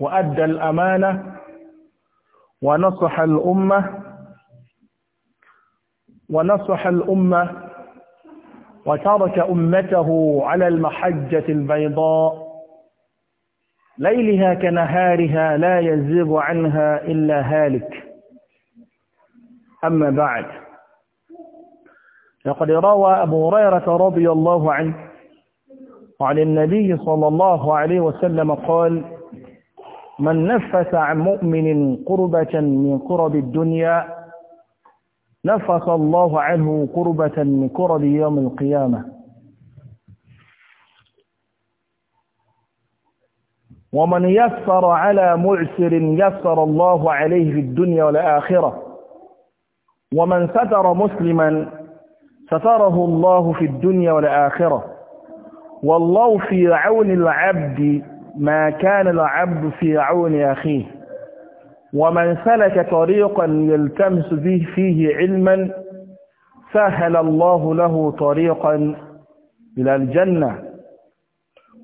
وأدى الأمانة ونصح الأمة ونصح الأمة وترك أمته على المحجة البيضاء ليلها كنهارها لا يزيغ عنها إلا هالك أما بعد لقد روى أبو هريرة رضي الله عنه وعن النبي صلى الله عليه وسلم قال من نفس عن مؤمن قربة من قرب الدنيا نفس الله عنه قربة من قرب يوم القيامة ومن يسر على معسر يسر الله عليه في الدنيا والآخرة ومن ستر مسلما ستره الله في الدنيا والآخرة والله في عون العبد ما كان العبد في عون أخيه ومن سلك طريقا يلتمس به فيه علما سهل الله له طريقا إلى الجنة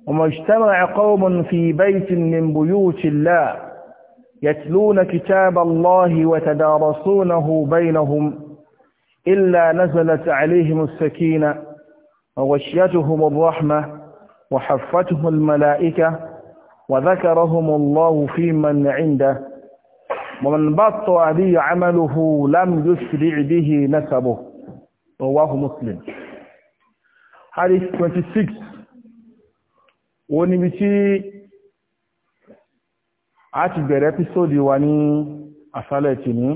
وما اجتمع قوم في بيت من بيوت الله يتلون كتاب الله وتدارسونه بينهم إلا نزلت عليهم السكينة وغشيتهم الرحمة وحفتهم الملائكة وذكرهم الله في من عنده ومن بطأ به عمله لم يسرع به نسبه رواه مسلم حديث 26 wọ́n níbi tí a ti bẹ̀rẹ̀ ẹ́písòdì wa ní àṣálẹ̀ tì ní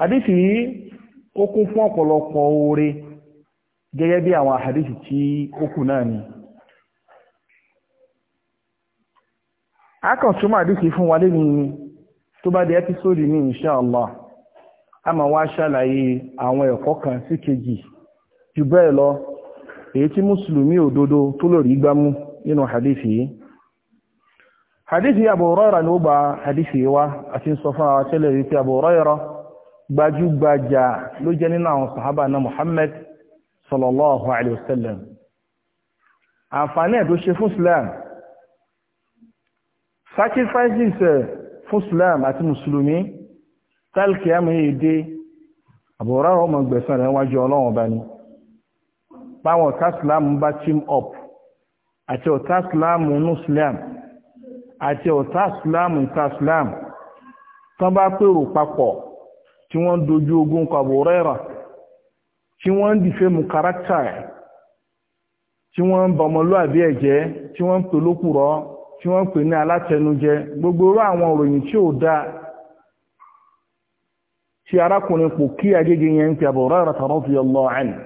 hadisi yìí ó kún fún ọ̀pọ̀lọpọ̀ oore gẹ́gẹ́ bí àwọn hadisi tí ó kù náà ni a kàn túmọ̀ àdìsí fún wa lẹ́nu tó bá di ẹ́písódì ní inshallah a máa wá ṣàlàyé àwọn ẹ̀kọ́ kan sí kejì jù bẹ́ẹ̀ lọ èyí tí mùsùlùmí òdodo tó lórí gbámú nínú hadithi yìí hadithi Abu Hurairah ni ó gba hadithi wa àti sọ fún àwọn tẹ́lẹ̀ rí pé Abu gbajúgbajà ló jẹ́ nínú àwọn sàhábà na Muhammad sallallahu alaihi wasallam àǹfààní ẹ̀ ṣe fún Islam sacrifices ẹ̀ eh, fún Islam àti mùsùlùmí tálkì àmì èdè àbúrò ọmọ gbẹ̀sán rẹ̀ wájú ọlọ́run ọba ni báwọn ọ̀tá bá team up àti ọ̀tá Islam nù Islam àti ọ̀tá Islam ìta Islam tán bá pèrò papọ̀ tí wọ́n dojú ogun kàbòrò ẹ̀rà tí wọ́n ń dìfẹ́ mú kárátà ẹ̀ tí wọ́n ń bọmọlúàbí ẹ̀jẹ́ tí wọ́n ń pè lókùrọ́ tí wọ́n pè ní alátẹnujẹ gbogbo orú àwọn òròyìn tí ò dáa tí arákùnrin pò kí agége yẹn ń pè Abu Hurairah radiyallahu anhu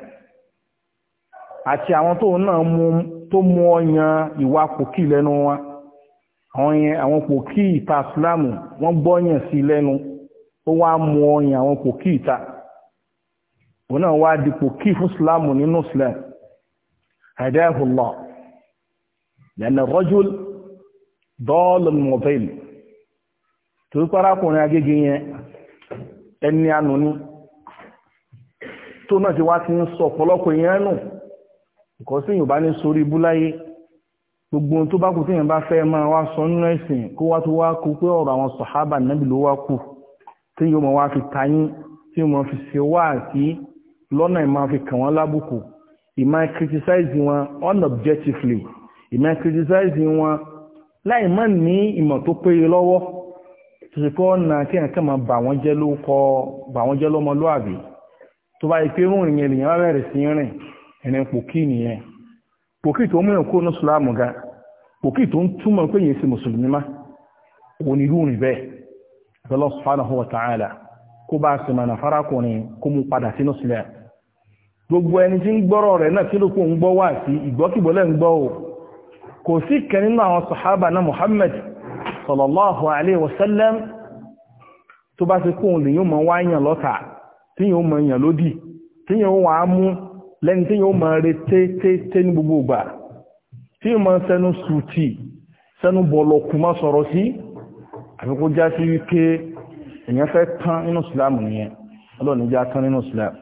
àti àwọn tó náà mú tó mú ọyàn ìwà pò lẹ́nu wa àwọn yẹn àwọn pò ìta Ìsìlámù wọ́n gbọ́yàn sí lẹ́nu ó wá mú ọyàn àwọn ìta òun náà wá di pò fún Ìsìlámù nínú dọ́ọ̀lù mọ̀bẹ́lì tó párákùnrin agége yẹn ẹni ànú ní tó náà ti wá ti ń sọ ọ̀pọ̀lọpọ̀ yẹn nù kò sí yìnbá ní sórí ibú láyé gbogbo tó bá kù tíyàn bá fẹ́ máa wá sọ nínú ẹ̀sìn kó wá tó wá kú pé ọ̀rọ̀ àwọn sàhábà nábì ló wá kù tí yóò mọ̀ wá fi tayín tí wọ́n fi ṣe wá àti lọ́nà ìmọ̀ fi kàn wọ́n lábùkù ìmọ̀ criticize wọn unobjectively ìmọ̀ criticize wọn láì má ní ìmọ̀ tó péye lọ́wọ́ tó sì pé ọ̀nà kí ẹ̀kan máa bà wọ́n jẹ́ ló kọ bà wọ́n jẹ́ tó bá ipé rún ìyẹn lèyàn bá bẹ̀rẹ̀ sí rìn ìrìn pòkí nìyẹn pòkí tó múyàn kó ní sùlámù ga pòkí tó ń túmọ̀ pé yẹn sí mùsùlùmí má òun bẹ́ẹ̀ gbogbo ẹni tí ń gbọ́rọ̀ rẹ̀ náà kí ló kó ń gbọ́ kò sí kẹ́ nínú àwọn sàhábà náà Muhammad sallallahu alaihi wasallam tó bá ti kóhun lè yóò mọ̀ wáyàn lọ́ta tí yóò mọ̀ èèyàn lódì tí yóò wà á mú lẹ́ni tí yóò mọ̀ re tétété ní gbogbo ìgbà tí yóò mọ̀ sẹ́nu sùtì sẹ́nu bọ̀lọ̀kù má sọ̀rọ̀ sí àfi já sí wípé èèyàn fẹ́ tán nínú Islam nìyẹn ọlọ́ni já tán nínú Islam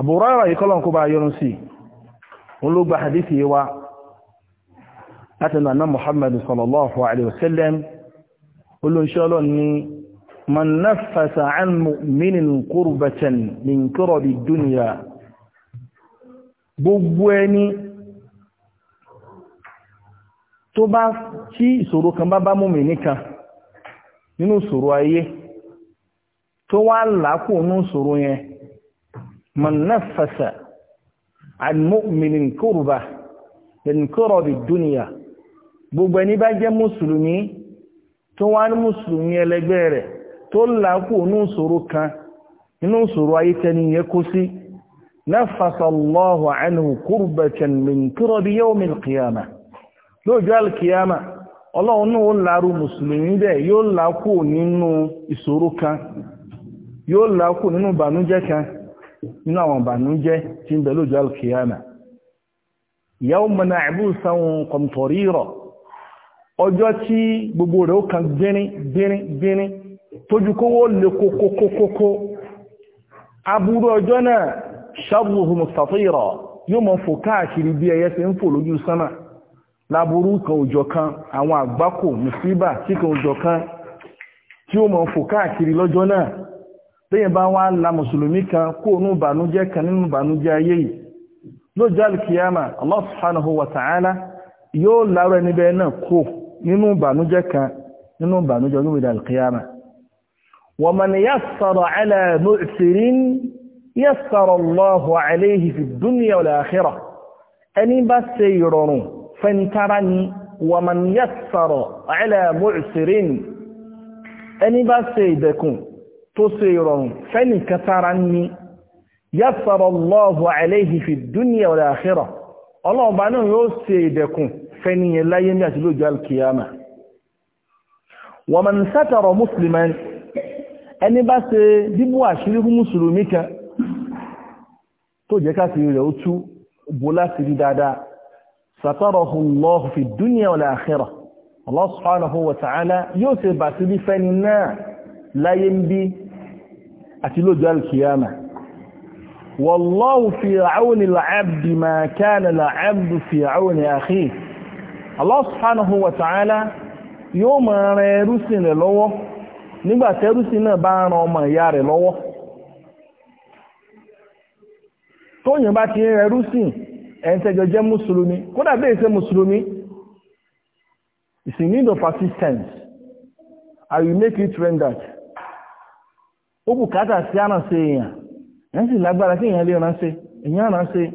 Abu Hurairah yìí bá yọrun sí òun ló gba hadith yìí látẹnu àná Muhammad sallallahu alayhi wa sallam olóńṣẹ́ ọlọ́run ní man nafasa an mu'minin kurbatan min kurabi dunya gbogbo ẹni tó bá tí ìṣòro kan bá bá mùmí nìkan nínú ìṣòro ayé tó wá làákò nínú ìṣòro yẹn man nafasa an mu'minin kurba min kurabi dunya gbogbo ẹni bá jẹ́ mùsùlùmí tó wá ní mùsùlùmí ẹlẹgbẹ́ rẹ̀ tó làákù nínú ìṣòro kan nínú ìṣòro ayé tẹni yẹ kó sí nafasallahu anhu kurbatan min kurabi yawm alqiyama lọ́jọ́ alqiyama ọlọ́run náà ó ọjọ́ tí gbogbo rẹ̀ ó kan dínrín dínrín dínrín tójú kó wó lè kókókókó aburú ọjọ́ náà ṣàbùhù mustafira yóò mọ̀ fò káàkiri bí ẹyẹ ṣe ń fò lójú sánà láburú kan òjọ̀ kan àwọn àgbákò mùsíbà tí kan òjọ̀ kan tí ó mọ̀ fò káàkiri lọ́jọ́ náà lẹ́yìn bá wá la mùsùlùmí kan kó nú ìbànújẹ́ kan nínú ìbànújẹ́ ayé yìí Allah subhanahu wa ta'ala yóò ẹni bẹ́ẹ̀ nínú ìbànújẹ́ kan nínú ìbànújẹ́ ọdún ìdà alkiyama wa man yassara ala mu'sirin yassara Allahu alayhi fi dunya wal akhirah ẹni bá ṣe ìrọ̀rùn fẹ́ntara ni wa man yassara ala mu'sirin ẹni bá ṣe ìdẹ̀kùn tó ni yassara Allahu alayhi fẹ́ níyẹn láyé ní àti lójú alkiyama wa man sátàrọ̀ musliman ẹni bá ṣe bíbú àṣírí fún mùsùlùmí kan tó jẹ́ káàkiri rẹ̀ ó tú bó láti rí dáadáa sátàrọ̀hu Allahu fi dúnìyà wal akhirah Allah subhanahu wa ta'ala yóò ṣe bàtírí Allah subhanahu wa ta'ala yóò máa ran ẹrúsìn rẹ̀ lọ́wọ́ nígbà tẹ́rúsìn náà bá ran ọmọ ìyá rẹ̀ lọ́wọ́ tóyìn bá ti rẹ̀ rúsìn ẹ̀ńtẹ́jọ jẹ́ mùsùlùmí kódà bẹ́ẹ̀ mùsùlùmí in need of assistance and you make it rendered ó bùkátà sí si èèyàn ẹ̀ ń sì lágbára kí èèyàn lè ránṣẹ́ èèyàn ránṣẹ́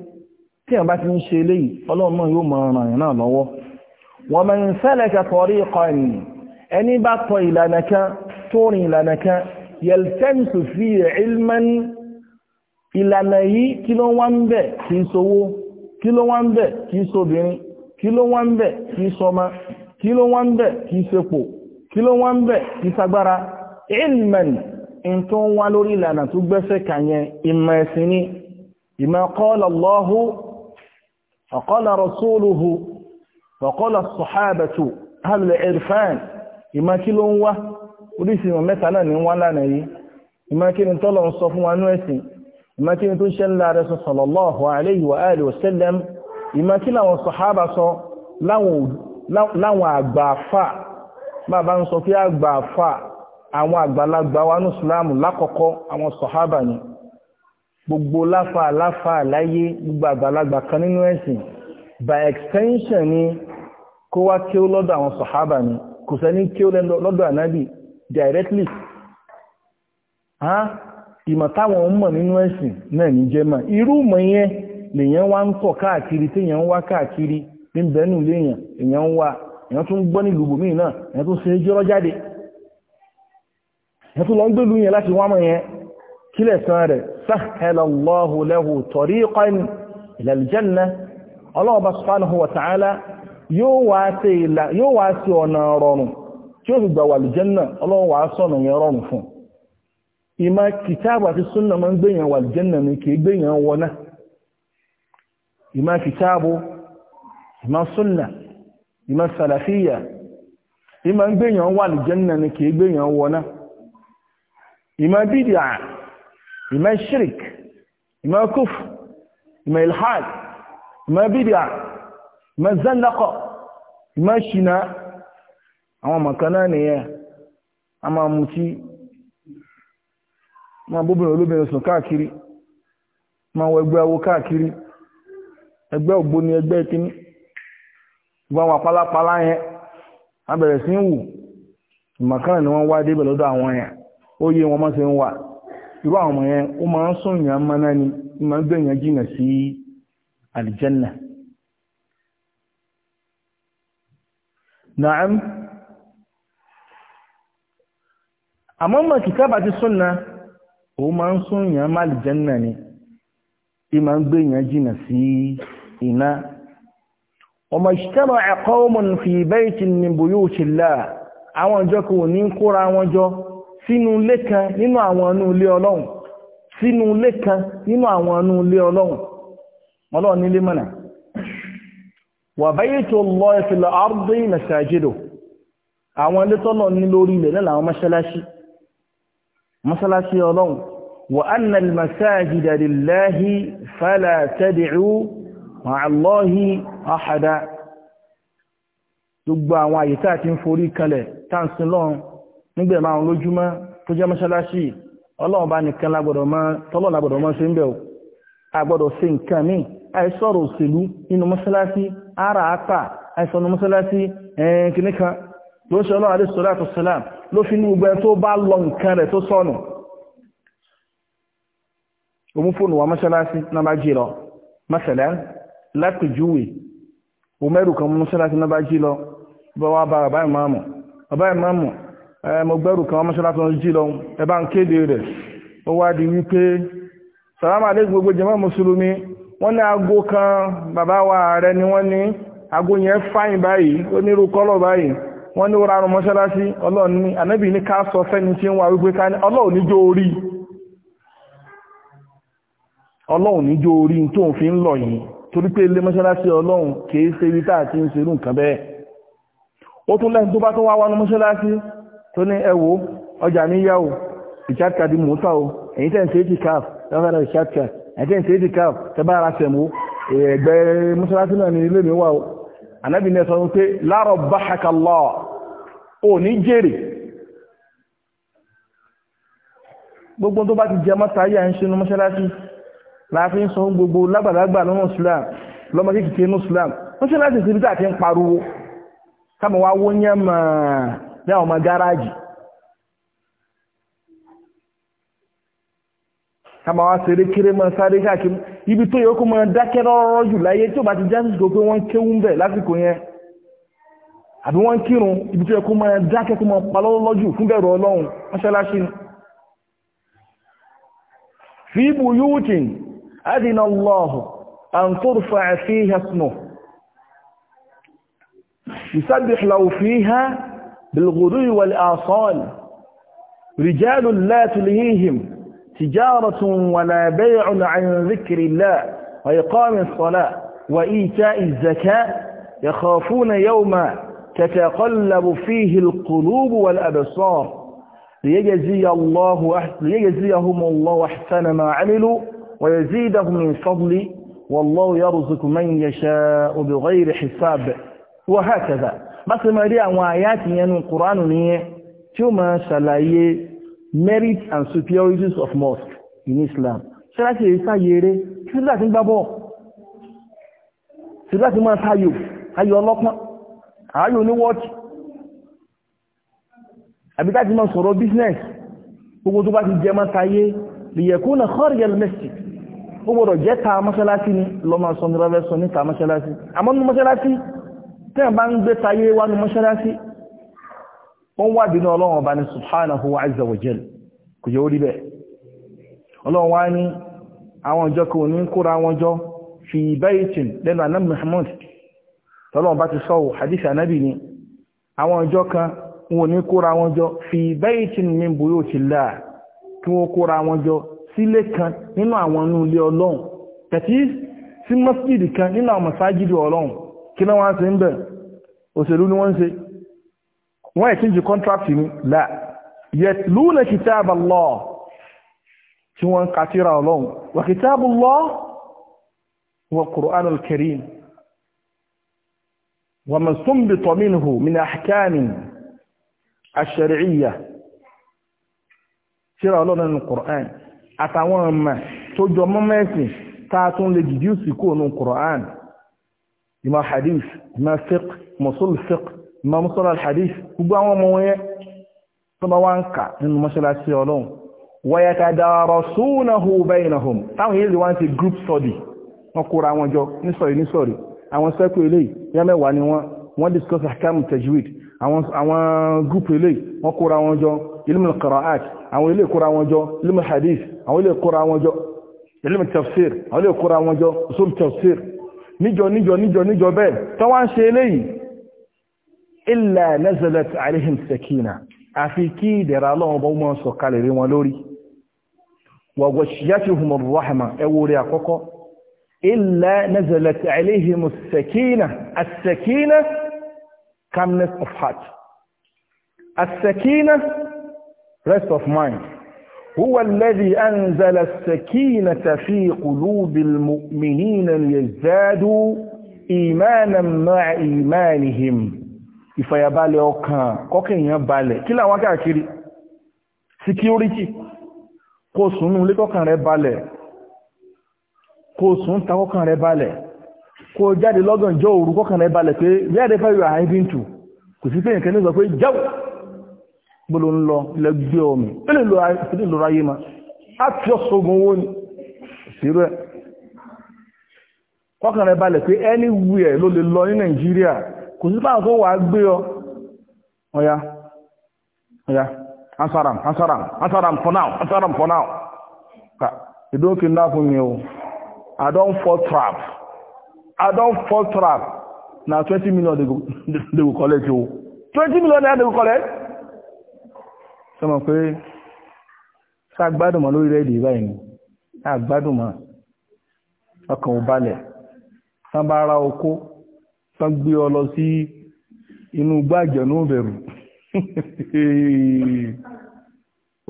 kí èèyàn bá ti ń ṣe eléyìí ọlọ́run náà yóò mọ náà wa man salaka tariqan ẹni bá tọ ìlànà kan tó rìn ìlànà kan yaltamisu fihi ilman ìlànà yìí kí ló wá ń bẹ̀ kí ń sowó kí ló wá ń bẹ̀ kí ń sobìnrin kí ló wá ń bẹ̀ kí ń sọmọ kí ló wá ń bẹ̀ kí ń sepò kí ló wá ń bẹ̀ kí sagbára ilman in tó ń wá lórí ìlànà tó gbẹ́sẹ̀ kàyẹn ìmọ̀ ẹ̀sìn ni ìmọ̀ qala Allahu فقال الصحابة هل hal irfan ìmá kí ló ń wá oríṣi ìmọ̀ mẹ́ta náà ní wá lánàá yìí ìmá kí ni tọ́lọ̀ ń sọ fún wa ní ẹ̀sìn ìmá kí ni tó ń ṣe ńlá rẹ̀ sọ sallallahu alayhi wa alihi wa sallam ìmá kí làwọn sàhábà sọ láwọn àgbààfà bàbá ni gbogbo láfà láfà láyé gbogbo àgbàlagbà kan nínú ẹ̀sìn by extension ni kó wá kí ó lọ́dọ̀ àwọn sọ̀hábà ni kò sẹ́ni kí ó ha ìmọ̀ táwọn mọ̀ nínú ẹ̀sìn náà ní jẹ́mà irú mọ̀ yẹn lèyàn wá ń tọ̀ káàkiri téèyàn ń wá káàkiri ní bẹ́ẹ̀nù léèyàn èèyàn ń wá èèyàn tún gbọ́ nílùú bòmí náà èèyàn tún ṣe jọ́rọ́ jáde tún lọ ń gbèlú yẹn láti wá mọ̀ yẹn kílẹ̀ san rẹ̀ yóò wá sí ọ̀nà rọrùn tí ó fi gbà wà lùjẹ́nà ọlọ́run wà yẹn rọrùn fún ìmá kìtàbù àti súnnà máa ń gbèyàn wà lùjẹ́nà ní kìí gbèyàn wọná ìmá kìtàbù ìmá súnnà ìmá sàlàfíyà ìmá wà ní kìí ìmá ìmá shirk ìmá kúf ìmá ilhad ìmá bídìà mẹ́zẹ́lẹ́kọ̀ mẹ́ṣìnà àwọn mọ̀kánná ya a máa ma máa bóbìnrin olóbìnrin sùn káàkiri máa wọ ẹgbẹ́ awo káàkiri ẹgbẹ́ ògbóni ẹgbẹ́ ìkíní na wà pálápàlá yẹn a bẹ̀rẹ̀ sí ń wù ni wọ́n wá débẹ̀ lọ́dọ̀ àwọn yẹn ó yé wọn mọ́ ni na'am àmọ́mọ̀ kìtàbà ti súnna o ma sunya sún yàn ni i ma ń gbé yàn jìnà sí iná ma ìṣẹ́bà qawmun fi baytin min buyutillah àwọn ìjọ kò ní kóra wọn jọ sínú ilé kan nínú àwọn inú ilé ọlọ́run sínú ilé kan wa baytullahi fil ardi masajiduhu àwọn ilé tọ́lọ̀ ní lórí ilẹ̀ náà làwọn mọ́ṣáláṣí mọ́ṣáláṣí ọlọ́run wa anna al-masajida lillahi fala tad'u ma'a Allahi ahada gbogbo àwọn àyíká àti ń forí kalẹ̀ táǹsì lọ́run nígbẹ̀ máa ń lójúmọ́ tó jẹ́ mọ́ṣáláṣí ọlọ́run bá nìkan lágbọ̀dọ̀ mọ́ tọ́lọ̀ lágbọ̀dọ̀ mọ́ ṣe ara apa àìsànù mọ́sálásí kìnníkan ló ṣe ọlọ́run àdé sọ́lá àtọ̀ sọ́lá ló fi ní gbogbo ẹ tó bá lọ nǹkan rẹ̀ tó sọnù òun fóònù wa mọ́sálásí náà bá jí lọ mọ́sálá lápèjúwe òmẹ́rù kan mọ́sálásí náà bá jí lọ bá wá bá bàbá ìmáàmù bàbá ìmáàmù mo gbẹ́rù kan mọ́sálásí náà jí lọ ẹ bá ń kéde rẹ̀ ó wá di wípé sàlámà lé gbogbo jàmá wọ́n ní aago kan bàbá wa ààrẹ ni wọ́n ní aago yẹn fáyìn báyìí ó ní irú kọ́lọ̀ báyìí wọ́n ní orarun mọ́ṣáláṣí ọlọ́run ní ànábì ní ká sọ fẹ́ni tí ń wá wípé ká ní ọlọ́run níjó orí ọlọ́run níjó orí tó ń fi ń lọ yìí torí pé ilé mọ́ṣáláṣí ọlọ́run kìí ṣe ibi tá à ti ń ṣerú nǹkan bẹ́ẹ̀ ó tún lẹ́yìn tó bá tún wá wọnú mọ́ṣáláṣí tó ní ẹ ọjà níyàwó ìṣàkàdì mọ́tà o èyí tẹ̀ ń ṣe é ti káf lọ́fẹ́rẹ́ ìṣàkàdì ẹ̀kẹ́ ìṣe èdè káf tẹ́bá ara ṣẹ̀mú ẹgbẹ́ mọ́sálásí náà ní ilé mi wà ó anábì ní ẹ̀sọ́ pé láàrọ̀ bá ṣakalọ́ ò ní jèrè gbogbo tó bá ti jẹ mọ́ta ayé à ń ṣe ní mọ́sálásí láàfin sọ gbogbo lágbàlagbà kama wá ṣeré kéré mọ́ sáré káàkiri ibi tó yẹ kó mọ́ dákẹ́ rọ́rọ́ jù láyé tí ó bá ti já sísò pé wọ́n kéwú bẹ̀ lásìkò yẹn àbí wọ́n kírun ibi tó yẹ mọ́ dákẹ́ tó mọ́ palọ́lọ́ jù fún bẹ̀rù ọlọ́run mọ́ṣáláṣí ni. fi buyutin adina Allahu an turfa fiha ismuhu yusabbih lahu fiha bilghudwi wal asal rijalun تجارة ولا بيع عن ذكر الله وإقام الصلاة وإيتاء الزكاة يخافون يوما تتقلب فيه القلوب والأبصار ليجزي الله ليجزيهم الله أحسن ما عملوا ويزيدهم من فضل والله يرزق من يشاء بغير حساب وهكذا بس ما دي وآيات àyàtì yẹnu Kùránù ní Merit and superiorities of mosque in Islam ṣe láti èyí sáyẹrẹ tí láti gbá bọ́ tí láti máa tayò ayò ọlọ́pàá ayò oníwọ́tí àbíká ti máa sọ̀rọ̀ business gbogbo tó bá ti jẹ máa tayé lèyẹ̀kún na khariyal masjid gbogbo rọ̀ jẹ́ ta mọ́ṣáláṣí ni lọ máa sọ nírọ̀lẹ́sọ ní ta mọ́ṣáláṣí àmọ́ nínú mọ́ṣáláṣí tẹ́ẹ̀ bá ń wọ́n wá bínú ọlọ́run ọba ní subhanahu wa azza wa jal kò yẹ orí bẹ́ẹ̀ ọlọ́run wá ní àwọn ọjọ́ kò ní kóra wọn jọ fi baytin lẹ́nu anam muhammad tọ́lọ́run bá ti sọ́wọ́ hadith anabi ni àwọn ọjọ́ kan wọn ní kóra wọn jọ fi baytin min buyutillah kí wọ́n kóra wọn jọ sílé kan nínú àwọn inú ilé ọlọ́run tàbí sí masjid kan nínú àwọn masájídì ọlọ́run kí náà wọ́n á ṣe ń bẹ̀ òṣèlú ni wọ́n ń ṣe wọ́n exchange contract ni la yatluna kitab Allah tí wọ́n ka tírà ọlọ́run wa kitab Allah wa Qur'an al-Karim wa ma sunbita minhu min ahkamin ash-shar'iyya tírà ọlọ́run nínú Qur'an àtàwọn ọmọ tó jọ mọ́mọ́ ẹ̀sìn tá a tún lè dìdíùsì kúrò ìmọ̀ hadith ìmọ̀ fiqh mọ̀sùlù fiqh imam sọ́rọ̀ alhadith gbogbo àwọn ọmọ wọn yẹn tó bá wá ń kà nínú mọ́ṣáláṣí ọlọ́run wayatadarasunahu bainahum táwọn group study wọ́n kóra wọn jọ nísọ̀rí nísọ̀rí àwọn sẹ́kù eléyìí yá mẹ́wàá ni wọ́n wọ́n discuss ahkam group eléyìí wọ́n kóra wọn jọ ilmu al-qira'at àwọn eléyìí kóra wọn jọ ilmu hadith àwọn eléyìí kóra wọn jọ ilmu tafsir àwọn eléyìí kóra wọn jọ usul tafsir níjọ níjọ níjọ níjọ bẹ́ẹ̀ tó ṣe eléyìí إلا نزلت عليهم سكينة أفكي در الله وضوما سوكال ريمالوري وغشيتهم الرحمة أولي أقوكو إلا نزلت عليهم السكينة السكينة calmness of heart السكينة rest of mind هو الذي أنزل السكينة في قلوب المؤمنين ليزدادوا إيمانا مع إيمانهم ìfàyàbalẹ̀ ọkàn kọ́kàn èèyàn balẹ̀ kí làwọn káàkiri security kò sùn nílé kọ́kàn rẹ̀ balẹ̀ kò sùn ta kọ́kàn rẹ̀ balẹ̀ kò jáde lọ́gànjọ́ òru kọ́kàn rẹ̀ balẹ̀ pé where the fire are hiding to kò sí pé nǹkan ní sọ pé jáwò gbọ́lọ̀ ń lọ ilẹ̀ gbé omi ilẹ̀ lọ ayé ma a ti ọ̀sọ̀gùn owó ni balẹ̀ pé anywhere ló lè lọ ní Nàìjíríà kò sí fáwọn tó wà gbé ọ ọ̀yá ọ̀yá asaram asaram asaram for now asaram for now ka you don o i don fall trap i don fall trap na twenty million they go they collect o twenty million naira they go collect ṣe mọ̀ pé ṣá gbádùn mọ́ lórí rẹ́ẹ̀dì báyìí ni ṣá gbádùn ọkàn ò balẹ̀ tán gbé ọ lọ sí inú gbàjẹ́ ní òbẹ̀rù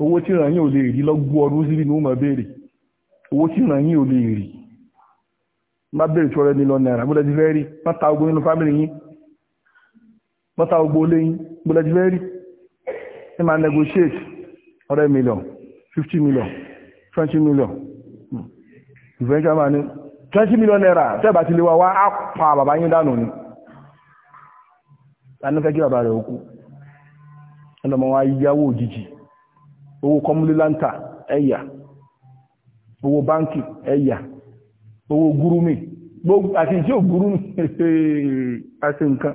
owó tí ìrànyìn ò lè rí lọ́gbọ́ ọdún síbi ní ó máa béèrè owó tí ìrànyìn ò lè rí má béèrè tí ọ̀rẹ́ mi lọ náírà bó lẹ́ti fẹ́ rí má ta ogun nínú fámìlì yín má ta ogun olé yín bó lẹ́ti fẹ́ rí ẹ máa negotiate ọ̀rẹ́ million fifty million twenty million hmm. ìfẹ́ ní sábà ní twenty million náírà tẹ́ẹ̀bà ti lè wá wá á pa bàbá yín dànù ni lánú fẹ́ kí bàbá rẹ̀ òkú ẹlọmọ wa yáwó òjijì owó kọmúlélántà ẹ̀yà owó báńkì ẹ̀yà owó gúrúmì gbogbo àti ìṣẹ́ ògúrúmì àti nǹkan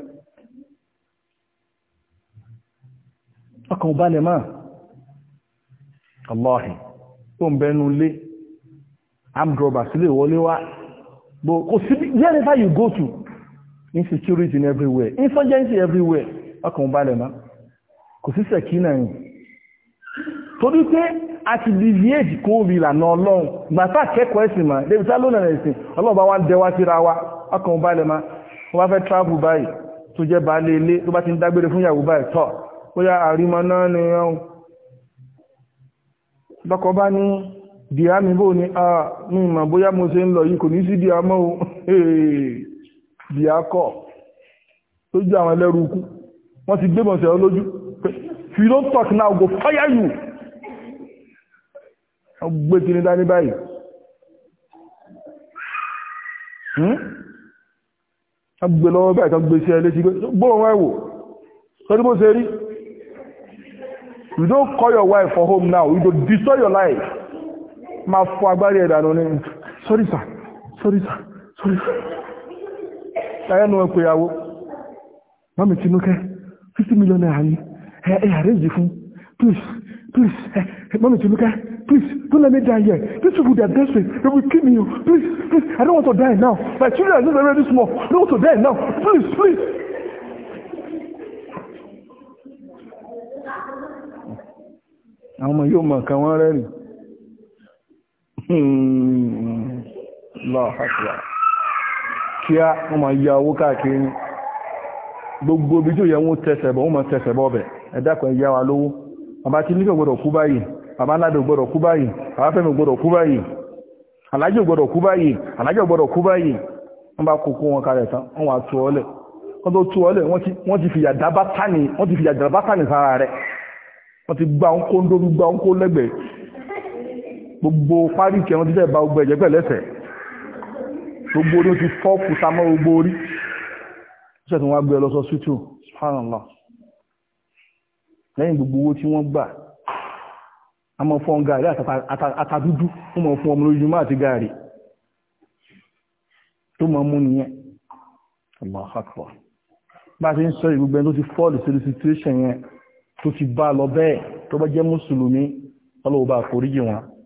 ọkàn balẹ̀ máa Allahi tó ń bẹnu lé amdroba sílé wọlé wá bó kò síbí wherever you go to insecurity in everywhere insurgency everywhere ọkàn balẹ̀ mọ́ kò sí sẹ̀kínà yìí torí pé a ti deviate kó rí ìlànà ọlọ́run gbàtà kẹ́kọ̀ọ́ ẹ̀sìn mà débi tá lónà ẹ̀sìn ọlọ́run bá wá ń dẹwà síra wa ọkàn balẹ̀ mọ́ wọ́n bá fẹ́ travel báyìí tó jẹ́ baálé ilé tó bá ti ń dágbére fún ìyàwó báyìí tọ́ bóyá àrímọ náà ni ọ̀hún lọ́kọ̀ bá ní dìámi bóò ni a ah, ní ìmọ̀ bóyá mo ṣe ń lọ yìí kò ní sí dìámọ́ o bíákọ̀ lójú àwọn ẹlẹ́rú ikú wọ́n ti gbé bọ̀nsẹ̀ lójú if you don't talk now go fire you wọ́n gbé kiri dání báyìí hmm? wọ́n gbé lọ́wọ́ báyìí kan gbé sí ẹlé sí gbóhùn wáìwò sọ́dí bó ṣe rí you don't call your wife for home now you go destroy your life My fọ agbárí ẹ̀dà nù ní sorry sir sorry sir sorry sir lẹ́nu ẹ̀pẹ̀ ìyàwó mọ́mí tinúkẹ́ fifty million naira ni ẹ ẹ àrẹ́jì fún please please please don't let me die here this people dey best way they will kill me o please please i don't want to die now my children are just very small i don't want to die now please please. àwọn ọmọ yóò mọ̀ nǹkan wọ́n rẹ́rìn-ín. Hmm. kíá wọ́n máa ya owó káàkiri gbogbo ibi tí ò yẹ wọ́n tẹsẹ̀ bọ̀ wọ́n máa tẹsẹ̀ bọ̀ bẹ̀ ẹ dákun wa lówó bàbá tí nífẹ̀ẹ́ gbọ́dọ̀ kú báyìí bàbá aládùn gbọ́dọ̀ kú báyìí bàbá fẹ́mi gbọ́dọ̀ kú báyìí alájò gbọ́dọ̀ kú báyìí alájò gbọ́dọ̀ kú báyìí wọ́n bá kókó wọn kalẹ̀ tán wọ́n wá tu wọ́n tó tu wọ́n ti fìyà dábá wọ́n ti wọ́n ti gba gbogbo wọn ti fẹ́ gbogbo orí ó ti fọ́ kùsà mọ́ gbogbo orí ṣe tí wọ́n gbé ẹ lọ sọ sútù subhanallah lẹ́yìn gbogbo owó tí wọ́n gbà a mọ̀ fún gàrí àtàdúdú wọ́n mọ̀ fún ọmọ lójúmọ́ àti gàrí tó mọ̀ mú nìyẹn Allahu Akbar bá ti ń sọ ìgbogbo ẹni tó ti fọ́ọ̀lù sí situation yẹn tó ti bá lọ bẹ́ẹ̀ tó bá jẹ́ mùsùlùmí ọlọ́wọ́ bá foríjì wọn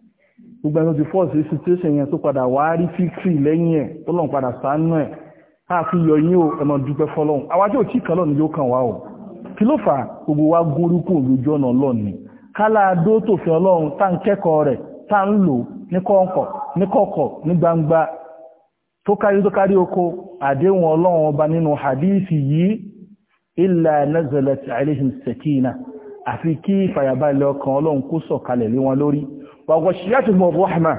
gbogbo ẹni tó ti fọ́ọ̀sì situation yẹn tó padà wá rí fíkìrì lẹ́yìn ẹ̀ tó lọ́n padà sánú ẹ̀ káàfin yọ yín o ẹ̀mọ̀ dúpẹ́ fọlọ́hún àwa tí kan lọ́nà yóò kàn wá o kí ló fà gbogbo wa górí kù lójú ọ̀nà lọ́ọ̀ni kálá adó tòfin ọlọ́run tá ń kẹ́kọ̀ọ́ rẹ̀ tá ń lò ní kọ̀ọ̀kọ̀ ní kọ̀ọ̀kọ̀ ní gbangba tó kárí tó kárí oko àdéhùn ọlọ́run ọba nínú hadithi yìí illa nazalat alaihim sakina àfi kí ìfàyàbalẹ̀ ọkàn ọlọ́run kó sọ̀kalẹ̀ lé wọn lórí wàgọ̀ṣíyàtìmọ̀ rahma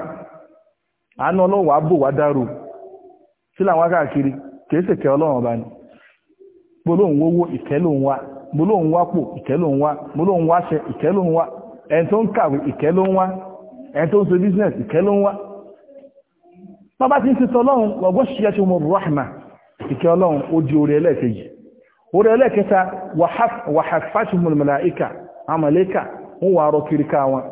àánú ọlọ́run wà bò wá dárò sí làwọn káàkiri kìí sì kẹ́ ọlọ́run ọba ni gbólóhùn owó ìkẹ́ ló ń wá gbólóhùn wápò ìkẹ́ ló ń wá gbólóhùn wáṣẹ ń business ti ń ṣe tọ́lọ́run wàgọ̀ṣíyàtìmọ̀ ó di orí orí ẹlẹ́ẹ̀kẹta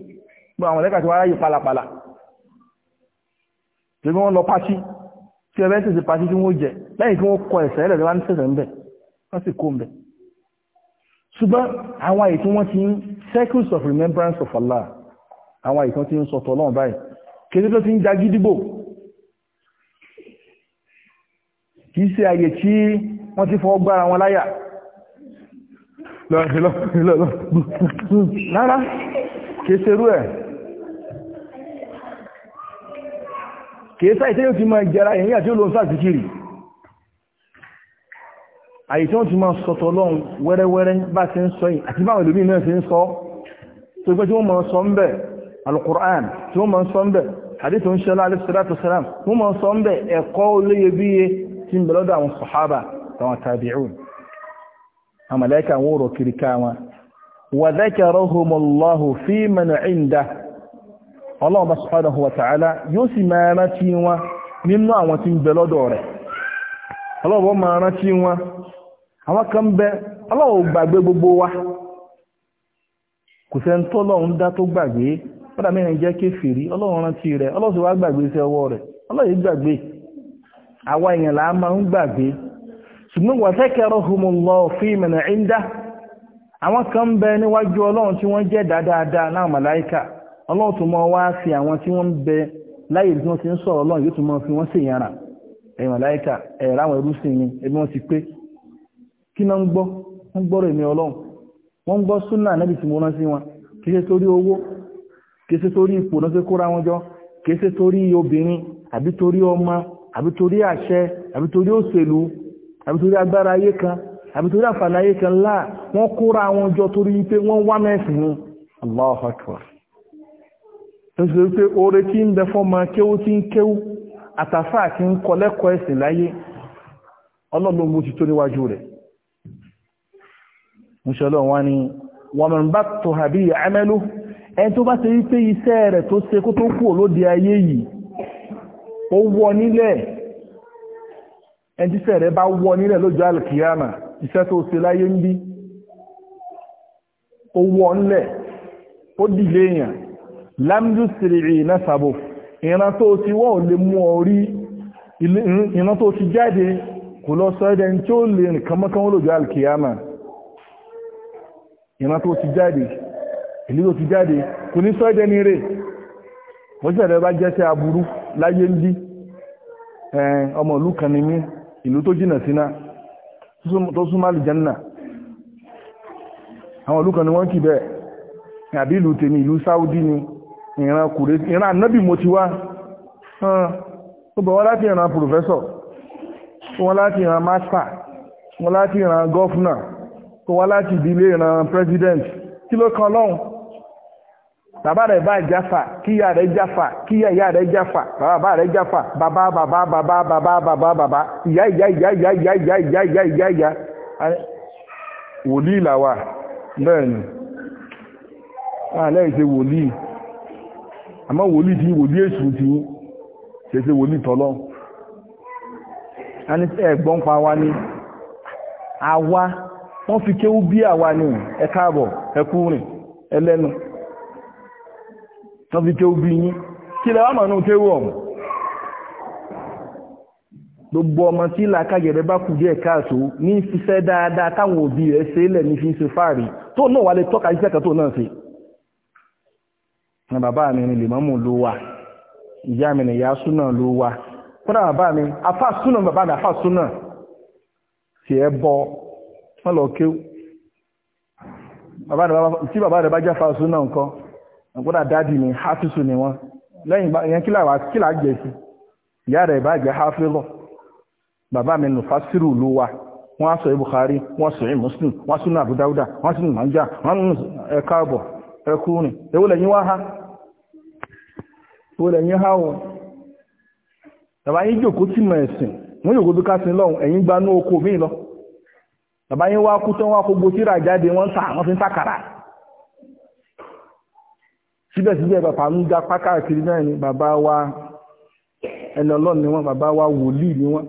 gbọ́ àwọn ẹ̀lẹ́kà tí wọ́n ráyè palapala tí wọ́n lọ pátí tí ẹbẹ́ sì sí pátí tí wọ́n jẹ lẹ́yìn tí wọ́n kọ ẹ̀sẹ̀ ẹ̀lẹ̀ wọ́n sẹ̀sẹ̀ ń bẹ̀ wọ́n sì kó ń bẹ̀ ṣùgbọ́n àwọn àyè tí wọ́n ti ń circles of remembrance of Allah àwọn àyè tí wọ́n ti ń sọ̀tọ̀ ọlọ́run báyìí kí ló ti ń ja gídígbò kìí ṣe àyè tí wọ́n ṣerú ẹ̀ kèésà ìtẹ́ yóò ti máa jẹra èyí àti olóhun sáàtìkiri àyè tí wọ́n ti máa sọ̀tọ̀ lọ́n wẹ́rẹ́wẹ́rẹ́ bá ti ń sọ yìí àti báwọn ìlú náà ti ń sọ tó gbé tí wọ́n máa sọ ń bẹ̀ alukur'an tí wọ́n máa sọ ń bẹ̀ hadith ń ṣẹlá Allah subhanahu wa ta'ala yóò sì máa rántí wọn nínú àwọn tí ń bẹ lọ́dọ̀ rẹ̀ máa rántí wọn àwọn kan gbogbo wa kò sẹ́ni tó lọ́run dá tó gbàgbé padà mẹ́rin jẹ́ kéfèrí Allah rántí rẹ̀ Allah wá gbàgbé sí ọwọ́ rẹ̀ Allah gbàgbé àwa èèyàn là á máa ń gbàgbé ṣùgbọ́n wa dhakarahumullahu fi man àwọn kan bẹ níwájú ọlọ́run tí wọ́n jẹ́ ọlọ́run tó mọ́ wá sí àwọn tí wọ́n ń bẹ láyé tí wọ́n ti ń sọ̀rọ̀ ọlọ́run yóò tó mọ́ fi wọ́n sì yànrà ẹ̀yìn ọ̀láìka ẹ̀rọ àwọn ẹrú sí mi ẹbí wọ́n ti pé kí náà ń gbọ́ wọ́n gbọ́rọ̀ ọlọ́run wọ́n ń gbọ́ súnà níbi tí mo rán sí wọn ṣe torí owó ṣe torí ipò náà ṣe kóra wọn jọ ṣe torí obìnrin àbí torí ọmọ àbí torí wọn jọ torí wọ́n wá tó ṣe pé oore tí ń bẹ fọ́mọ kéwú tí ń kéwú àtàfà àti ń kọ lẹ́kọ̀ọ́ ẹ̀sìn láyé ọlọ́run mú ti tó níwájú rẹ̀ mùsùlùmí wọn ni wọn mọ̀ bá tó àbí àmẹ́lú ẹni tó bá ṣe wípé iṣẹ́ rẹ̀ tó ṣe kó tó kú olóde ayé yìí ó wọ nílẹ̀ ẹni tí iṣẹ́ rẹ̀ bá wọ nílẹ̀ lójú alkiyama iṣẹ́ tó ṣe láyé ń bí ó wọ nílẹ̀ ó dìlé èèyàn lámjú sírìrì nasabu ìran tó ti wọ́n ò lè mú ọ rí ìran tó ti jáde kò lọ sọ ẹ́dẹ̀ tí ó lè rìn kánmọ́kán lójú alkiyama ìran tó ti jáde ìlú tó ti jáde kò ní sọ ẹ́dẹ̀ ní rè mọ́sílẹ̀ bá jẹ́sẹ́ aburú láyé ń bí ọmọ ìlú kan ní ìlú tó jìnà síná tó súnmọ́ àlùjánnà àwọn ìlú kan ni wọ́n kì bẹ́ẹ̀ àbí ìlú tèmi ìlú Saudi ni ìran kùrẹ́ ìran ànábì mo ti wá ó wọ́n láti ìran pòfẹ́sọ̀ wọ́n láti ìran mástà wọ́n láti ìran gọ́fúnà wọ́n láti ìdílé ìran president kí ló kan lọ́hùn bàbá rẹ̀ bá jáfà kíyà rẹ̀ jáfà kíyà ìyá rẹ̀ jáfà bàbá rẹ̀ jáfà bàbá bàbá bàbá bàbá bàbá bàbá ìyá ìyá ìyá ìyá ìyá ìyá ìyá ìyá ìyá ìyá wòlíì làwà bẹ́ẹ̀ ni àlẹ́ ìṣe wòlíì àmọ́ wòlíì tí wòlíì èṣù tí ṣeṣe wòlíì tọ́lọ́ a ní sí ẹ̀gbọ́n pa wá ní àwa wọ́n fi kéwú bí àwa ní ẹ káàbọ̀ ẹ kú rìn ẹlẹ́nu wọ́n fi kéwú bí yín kí lẹ́wà mọ̀ ní kéwú ọ̀hún gbogbo ọmọ tí làákàyẹ̀rẹ́ bá kù díẹ̀ káàsó ní ṣiṣẹ́ dáadáa táwọn òbí rẹ̀ ṣe é lẹ̀ ní fi ṣe tó náà wà lè tọ́ka iṣẹ́ kan náà ṣe na bàbá mi ni lèmọ́mù ló wà ìyá mi ni ìyá súnà ló wà kódà bàbá mi afá súnà bàbá mi afá súnà tí ẹ bọ wọn lọ kéw tí bàbá rẹ bá jẹ́ afá súnà nǹkan kódà dáàdì mi háfísù ni wọn lẹ́yìn ìyẹn kí làwọn kí làá jẹ sí ìyá rẹ bá jẹ́ háfílọ̀ bàbá mi nù fásírù ló wà wọ́n á sọ ibùkárí wọ́n sọ ìmùsùlùm wọ́n sún àbúdáwúdà wọ́n sún ìmọ̀já wọ́n sún ẹ̀ka ọ̀bọ̀ ẹ̀kú rìn ewúlẹ̀ yín wá ha tó lẹ́yìn há o bàbá yín jòkó tí mọ̀ ẹ̀sìn wọ́n yòkó bí ká sin lọ́hùn ẹ̀yìn gbanú oko míì lọ bàbá yín wá kú tán wá kó gbòtíra jáde wọ́n ta wọ́n fi ń sàkàrà síbẹ̀síbẹ̀ bàbá ń ga pákàkiri náà ni bàbá wa ẹni ọlọ́run ni wọ́n bàbá wa wòlíì ni wọ́n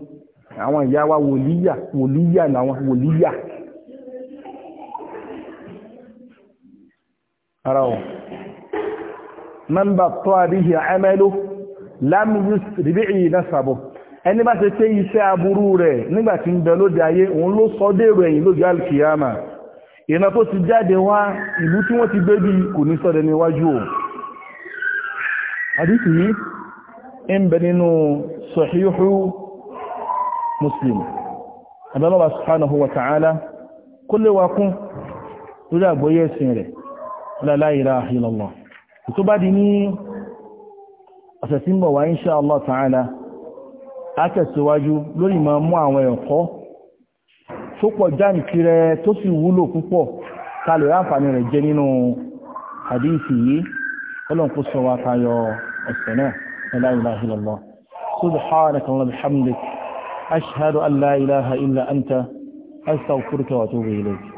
àwọn ìyá wa wòlíyà wòlíyà làwọn wòlíyà ara ọ̀ man batta bihi amaluhu lam yusri bihi nasabuhu ẹni bá ṣe pé iṣẹ́ aburú rẹ̀ nígbàtí ń bẹ lóde ayé òun ló sọ dèrò ẹ̀yìn lójú alkiyama ìran tó ti jáde wá ìlú tí wọ́n ti gbé bí kò ní sọ́dẹ̀ níwájú o àdíkì yìí ń bẹ nínú sahihu muslim abẹ́lọ́wà subhanahu wa ta'ala kó léwakún lórí àgbóyẹ̀sìn rẹ̀ la ilaha tó bá di ní ọ̀sẹ̀ tí ń bọ̀ wá insha Allah ta'ala á tẹ̀síwájú lórí máa mú àwọn ẹ̀kọ́ tó pọ̀ jáǹkìrẹ tó sì wúlò púpọ̀ ká lè ráǹfààní rẹ̀ jẹ nínú hadithi yìí ọlọ́nkú sọ wa tayọ ọ̀sẹ̀ náà la